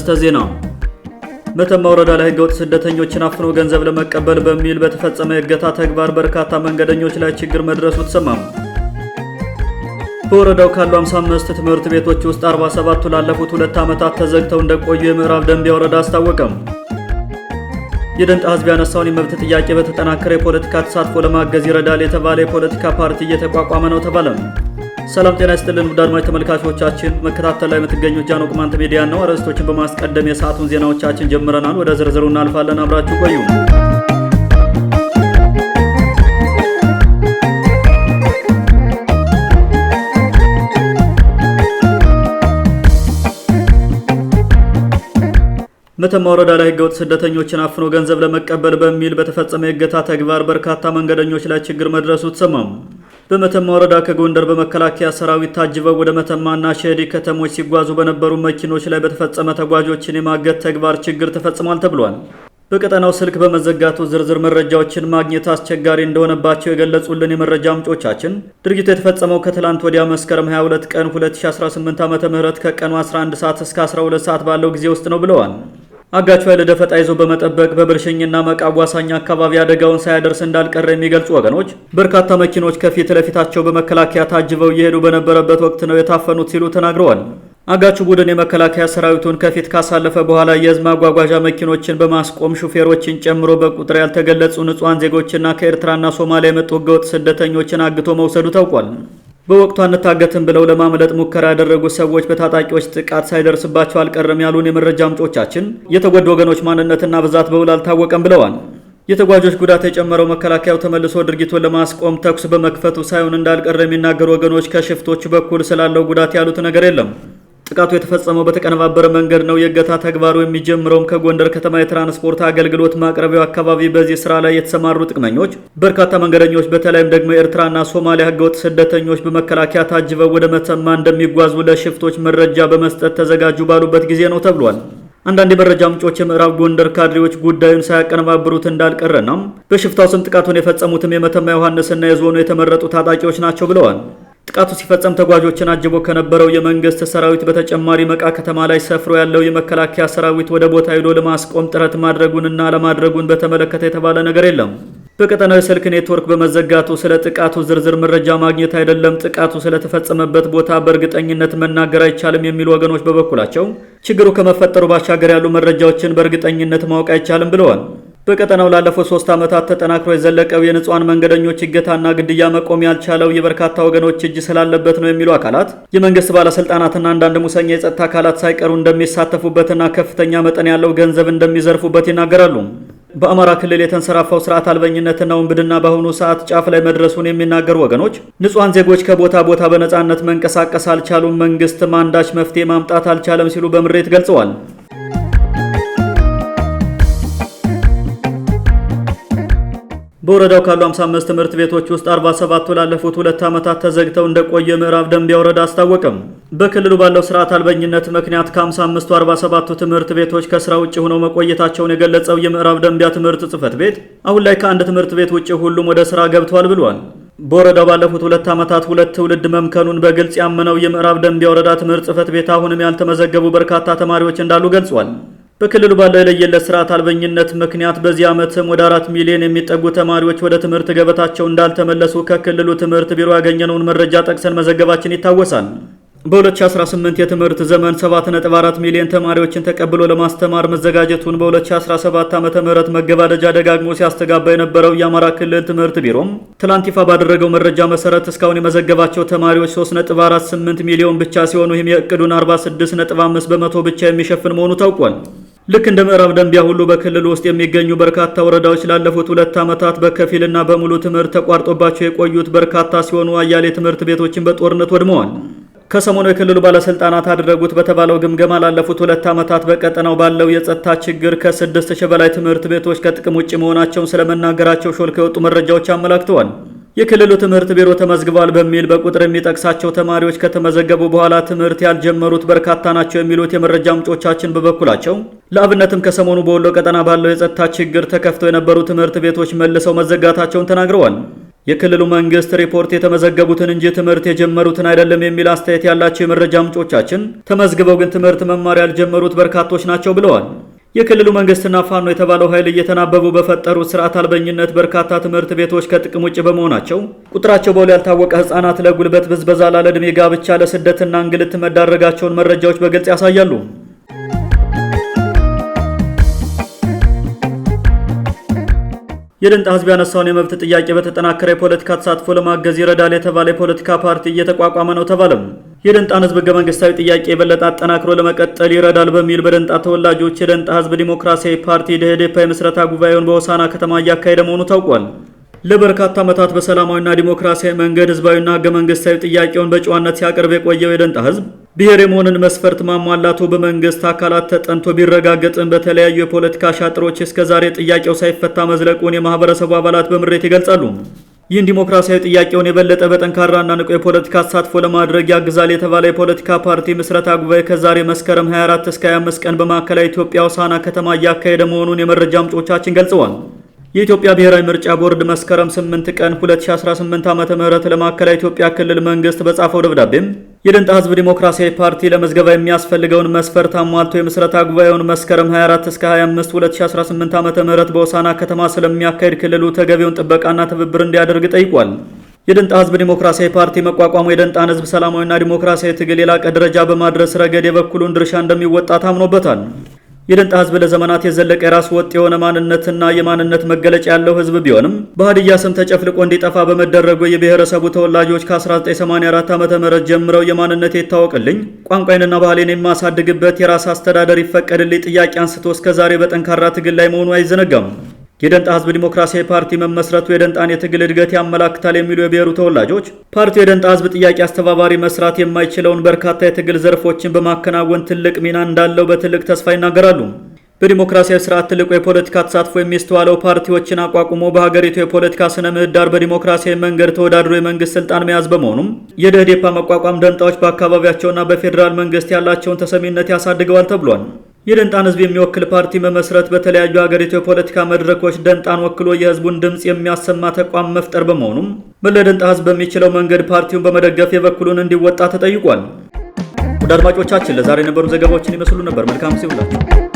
አርዕስተ ዜና። መተማ ወረዳ ላይ ህገወጥ ስደተኞችን አፍኖ ገንዘብ ለመቀበል በሚል በተፈጸመ የእገታ ተግባር በርካታ መንገደኞች ላይ ችግር መድረሱ ተሰማም። በወረዳው ካሉ 55 ትምህርት ቤቶች ውስጥ 47ቱ ላለፉት ሁለት ዓመታት ተዘግተው እንደቆዩ የምዕራብ ደንቢያ ወረዳ አስታወቀም። የደንጣ ህዝብ ያነሳውን የመብት ጥያቄ በተጠናከረ የፖለቲካ ተሳትፎ ለማገዝ ይረዳል የተባለ የፖለቲካ ፓርቲ እየተቋቋመ ነው ተባለም። ሰላም ጤና ይስጥልን ውድ አድማጭ ተመልካቾቻችን፣ መከታተል ላይ የምትገኙት ጃኖ ቁማንት ሚዲያ ነው። አርዕስቶችን በማስቀደም የሰዓቱን ዜናዎቻችን ጀምረናል። ወደ ዝርዝሩ እናልፋለን። አብራችሁ ቆዩ። መተማ ወረዳ ላይ ህገወጥ ስደተኞችን አፍኖ ገንዘብ ለመቀበል በሚል በተፈጸመ የእገታ ተግባር በርካታ መንገደኞች ላይ ችግር መድረሱ ተሰማሙ። በመተማ ወረዳ ከጎንደር በመከላከያ ሰራዊት ታጅበው ወደ መተማና ሸዲ ከተሞች ሲጓዙ በነበሩ መኪኖች ላይ በተፈጸመ ተጓዦችን የማገት ተግባር ችግር ተፈጽሟል ተብሏል። በቀጠናው ስልክ በመዘጋቱ ዝርዝር መረጃዎችን ማግኘት አስቸጋሪ እንደሆነባቸው የገለጹልን የመረጃ ምንጮቻችን ድርጊቱ የተፈጸመው ከትላንት ወዲያ መስከረም 22 ቀን 2018 ዓ ም ከቀኑ 11 ሰዓት እስከ 12 ሰዓት ባለው ጊዜ ውስጥ ነው ብለዋል። አጋቹ ኃይለ ደፈጣ ይዞ በመጠበቅ በብርሽኝና መቃ አካባቢ አደጋውን ሳያደርስ እንዳልቀረ የሚገልጹ ወገኖች በርካታ መኪኖች ከፊት ለፊታቸው በመከላከያ ታጅበው እየሄዱ በነበረበት ወቅት ነው የታፈኑት ሲሉ ተናግረዋል። አጋቹ ቡድን የመከላከያ ሰራዊቱን ከፊት ካሳለፈ በኋላ የህዝብ ማጓጓዣ መኪኖችን በማስቆም ሹፌሮችን ጨምሮ በቁጥር ያልተገለጹ ንጹሐን ዜጎችና ከኤርትራና ሶማሊያ የመጡ ህገወጥ ስደተኞችን አግቶ መውሰዱ ታውቋል። በወቅቱ አንታገትም ብለው ለማምለጥ ሙከራ ያደረጉ ሰዎች በታጣቂዎች ጥቃት ሳይደርስባቸው አልቀረም ያሉን የመረጃ ምንጮቻችን የተጎዱ ወገኖች ማንነትና ብዛት በውል አልታወቀም ብለዋል። የተጓዦች ጉዳት የጨመረው መከላከያው ተመልሶ ድርጊቱን ለማስቆም ተኩስ በመክፈቱ ሳይሆን እንዳልቀረ የሚናገሩ ወገኖች ከሽፍቶች በኩል ስላለው ጉዳት ያሉት ነገር የለም። ጥቃቱ የተፈጸመው በተቀነባበረ መንገድ ነው። የእገታ ተግባሩ የሚጀምረውም ከጎንደር ከተማ የትራንስፖርት አገልግሎት ማቅረቢያው አካባቢ በዚህ ስራ ላይ የተሰማሩ ጥቅመኞች በርካታ መንገደኞች በተለይም ደግሞ ኤርትራና ሶማሊያ ህገወጥ ስደተኞች በመከላከያ ታጅበው ወደ መተማ እንደሚጓዙ ለሽፍቶች መረጃ በመስጠት ተዘጋጁ ባሉበት ጊዜ ነው ተብሏል። አንዳንድ የመረጃ ምንጮች የምዕራብ ጎንደር ካድሬዎች ጉዳዩን ሳያቀነባብሩት እንዳልቀረና በሽፍታው ስም ጥቃቱን የፈጸሙትም የመተማ ዮሐንስና የዞኑ የተመረጡ ታጣቂዎች ናቸው ብለዋል። ጥቃቱ ሲፈጸም ተጓዦችን አጅቦ ከነበረው የመንግስት ሰራዊት በተጨማሪ መቃ ከተማ ላይ ሰፍሮ ያለው የመከላከያ ሰራዊት ወደ ቦታ ሄዶ ለማስቆም ጥረት ማድረጉንና ለማድረጉን በተመለከተ የተባለ ነገር የለም። በቀጠናው የስልክ ኔትወርክ በመዘጋቱ ስለ ጥቃቱ ዝርዝር መረጃ ማግኘት አይደለም ጥቃቱ ስለተፈጸመበት ቦታ በእርግጠኝነት መናገር አይቻልም የሚሉ ወገኖች በበኩላቸው ችግሩ ከመፈጠሩ ባሻገር ያሉ መረጃዎችን በእርግጠኝነት ማወቅ አይቻልም ብለዋል። በቀጠናው ላለፉት ሶስት ዓመታት ተጠናክሮ የዘለቀው የንጹሐን መንገደኞች እገታና ግድያ መቆም ያልቻለው የበርካታ ወገኖች እጅ ስላለበት ነው የሚሉ አካላት የመንግስት ባለስልጣናትና አንዳንድ ሙሰኛ የጸጥታ አካላት ሳይቀሩ እንደሚሳተፉበትና ከፍተኛ መጠን ያለው ገንዘብ እንደሚዘርፉበት ይናገራሉ። በአማራ ክልል የተንሰራፋው ስርዓት አልበኝነትና ውንብድና በአሁኑ ሰዓት ጫፍ ላይ መድረሱን የሚናገሩ ወገኖች ንጹሐን ዜጎች ከቦታ ቦታ በነፃነት መንቀሳቀስ አልቻሉም፣ መንግስትም አንዳች መፍትሄ ማምጣት አልቻለም ሲሉ በምሬት ገልጸዋል። በወረዳው ካሉ 55 ትምህርት ቤቶች ውስጥ 47 ላለፉት ሁለት ዓመታት ተዘግተው እንደቆየ ምዕራብ ደንቢያ ወረዳ አስታወቀም። በክልሉ ባለው ስርዓት አልበኝነት ምክንያት ከ55ቱ 47ቱ ትምህርት ቤቶች ከስራ ውጭ ሆነው መቆየታቸውን የገለጸው የምዕራብ ደንቢያ ትምህርት ጽፈት ቤት አሁን ላይ ከአንድ ትምህርት ቤት ውጭ ሁሉም ወደ ስራ ገብቷል ብሏል። በወረዳው ባለፉት ሁለት ዓመታት ሁለት ትውልድ መምከኑን በግልጽ ያመነው የምዕራብ ደንቢያ ወረዳ ትምህርት ጽህፈት ቤት አሁንም ያልተመዘገቡ በርካታ ተማሪዎች እንዳሉ ገልጿል። በክልሉ ባለው የለየለት ስርዓት አልበኝነት ምክንያት በዚህ ዓመትም ወደ አራት ሚሊዮን የሚጠጉ ተማሪዎች ወደ ትምህርት ገበታቸው እንዳልተመለሱ ከክልሉ ትምህርት ቢሮ ያገኘነውን መረጃ ጠቅሰን መዘገባችን ይታወሳል። በ2018 የትምህርት ዘመን 7.4 ሚሊዮን ተማሪዎችን ተቀብሎ ለማስተማር መዘጋጀቱን በ2017 ዓ ም መገባደጃ ደጋግሞ ሲያስተጋባ የነበረው የአማራ ክልል ትምህርት ቢሮም ትላንት ይፋ ባደረገው መረጃ መሰረት እስካሁን የመዘገባቸው ተማሪዎች 3.48 ሚሊዮን ብቻ ሲሆኑ ይህም የእቅዱን 46.5 በመቶ ብቻ የሚሸፍን መሆኑ ታውቋል። ልክ እንደ ምዕራብ ደንቢያ ሁሉ በክልል ውስጥ የሚገኙ በርካታ ወረዳዎች ላለፉት ሁለት ዓመታት በከፊልና በሙሉ ትምህርት ተቋርጦባቸው የቆዩት በርካታ ሲሆኑ አያሌ ትምህርት ቤቶችን በጦርነት ወድመዋል። ከሰሞኑ የክልሉ ባለስልጣናት አደረጉት በተባለው ግምገማ ላለፉት ሁለት ዓመታት በቀጠናው ባለው የጸጥታ ችግር ከስድስት ሺህ በላይ ትምህርት ቤቶች ከጥቅም ውጭ መሆናቸውን ስለመናገራቸው ሾልከው የወጡ መረጃዎች አመላክተዋል። የክልሉ ትምህርት ቢሮ ተመዝግቧል በሚል በቁጥር የሚጠቅሳቸው ተማሪዎች ከተመዘገቡ በኋላ ትምህርት ያልጀመሩት በርካታ ናቸው የሚሉት የመረጃ ምንጮቻችን በበኩላቸው ለአብነትም ከሰሞኑ በወሎ ቀጠና ባለው የጸጥታ ችግር ተከፍተው የነበሩ ትምህርት ቤቶች መልሰው መዘጋታቸውን ተናግረዋል። የክልሉ መንግስት ሪፖርት የተመዘገቡትን እንጂ ትምህርት የጀመሩትን አይደለም የሚል አስተያየት ያላቸው የመረጃ ምንጮቻችን ተመዝግበው ግን ትምህርት መማር ያልጀመሩት በርካቶች ናቸው ብለዋል። የክልሉ መንግስትና ፋኖ የተባለው ኃይል እየተናበቡ በፈጠሩት ስርዓት አልበኝነት በርካታ ትምህርት ቤቶች ከጥቅም ውጭ በመሆናቸው ቁጥራቸው በውል ያልታወቀ ህጻናት ለጉልበት ብዝበዛ፣ ላለዕድሜ ጋብቻ፣ ለስደትና እንግልት መዳረጋቸውን መረጃዎች በግልጽ ያሳያሉ። የደንጣ ህዝብ ያነሳውን የመብት ጥያቄ በተጠናከረ የፖለቲካ ተሳትፎ ለማገዝ ይረዳል የተባለ የፖለቲካ ፓርቲ እየተቋቋመ ነው ተባለም። የደንጣን ህዝብ ህገ መንግስታዊ ጥያቄ የበለጠ አጠናክሮ ለመቀጠል ይረዳል በሚል በደንጣ ተወላጆች የደንጣ ህዝብ ዲሞክራሲያዊ ፓርቲ ደኢህዴፓ የምስረታ ጉባኤውን በሆሳና ከተማ እያካሄደ መሆኑ ታውቋል። ለበርካታ ዓመታት በሰላማዊና ዲሞክራሲያዊ መንገድ ህዝባዊና ህገ መንግስታዊ ጥያቄውን በጨዋነት ሲያቀርብ የቆየው የደንጣ ህዝብ ብሔር የመሆንን መስፈርት ማሟላቱ በመንግስት አካላት ተጠንቶ ቢረጋገጥም በተለያዩ የፖለቲካ ሻጥሮች እስከዛሬ ጥያቄው ሳይፈታ መዝለቁን የማህበረሰቡ አባላት በምሬት ይገልጻሉ። ይህን ዲሞክራሲያዊ ጥያቄውን የበለጠ በጠንካራና ንቁ የፖለቲካ ተሳትፎ ለማድረግ ያግዛል የተባለ የፖለቲካ ፓርቲ ምስረታ ጉባኤ ከዛሬ መስከረም 24 እስከ 25 ቀን በማዕከላዊ ኢትዮጵያ ውሳና ከተማ እያካሄደ መሆኑን የመረጃ ምንጮቻችን ገልጸዋል። የኢትዮጵያ ብሔራዊ ምርጫ ቦርድ መስከረም 8 ቀን 2018 ም ለማዕከላዊ ኢትዮጵያ ክልል መንግስት በጻፈው ደብዳቤም የደንጣ ህዝብ ዲሞክራሲያዊ ፓርቲ ለመዝገባ የሚያስፈልገውን መስፈርት አሟልቶ የምስረታ ጉባኤውን መስከረም 24 እስከ 25 2018 ዓ ም በውሳና ከተማ ስለሚያካሄድ ክልሉ ተገቢውን ጥበቃና ትብብር እንዲያደርግ ጠይቋል። የደንጣ ህዝብ ዲሞክራሲያዊ ፓርቲ መቋቋሙ የደንጣን ህዝብ ሰላማዊና ዲሞክራሲያዊ ትግል የላቀ ደረጃ በማድረስ ረገድ የበኩሉን ድርሻ እንደሚወጣ ታምኖበታል። የደንጣ ህዝብ ለዘመናት የዘለቀ የራስ ወጥ የሆነ ማንነትና የማንነት መገለጫ ያለው ህዝብ ቢሆንም በሀዲያ ስም ተጨፍልቆ እንዲጠፋ በመደረጉ የብሔረሰቡ ተወላጆች ከ1984 ዓ ም ጀምረው የማንነት ይታወቅልኝ፣ ቋንቋዬንና ባህሌን የማሳድግበት የራስ አስተዳደር ይፈቀድልኝ ጥያቄ አንስቶ እስከዛሬ በጠንካራ ትግል ላይ መሆኑ አይዘነጋም። የደንጣ ህዝብ ዲሞክራሲያዊ ፓርቲ መመስረቱ የደንጣን የትግል እድገት ያመላክታል የሚሉ የብሔሩ ተወላጆች ፓርቲው የደንጣ ህዝብ ጥያቄ አስተባባሪ መስራት የማይችለውን በርካታ የትግል ዘርፎችን በማከናወን ትልቅ ሚና እንዳለው በትልቅ ተስፋ ይናገራሉ። በዲሞክራሲያዊ ስርዓት ትልቁ የፖለቲካ ተሳትፎ የሚስተዋለው ፓርቲዎችን አቋቁሞ በሀገሪቱ የፖለቲካ ስነ ምህዳር በዲሞክራሲያዊ መንገድ ተወዳድሮ የመንግስት ስልጣን መያዝ በመሆኑም የደህዴፓ መቋቋም ደንጣዎች በአካባቢያቸውና በፌዴራል መንግስት ያላቸውን ተሰሚነት ያሳድገዋል ተብሏል። የደንጣን ህዝብ የሚወክል ፓርቲ መመስረት በተለያዩ ሀገሪቱ የፖለቲካ መድረኮች ደንጣን ወክሎ የህዝቡን ድምፅ የሚያሰማ ተቋም መፍጠር በመሆኑም መለደንጣ ህዝብ በሚችለው መንገድ ፓርቲውን በመደገፍ የበኩሉን እንዲወጣ ተጠይቋል። ወደ አድማጮቻችን ለዛሬ የነበሩ ዘገባዎችን ይመስሉ ነበር። መልካም ሲውላችሁ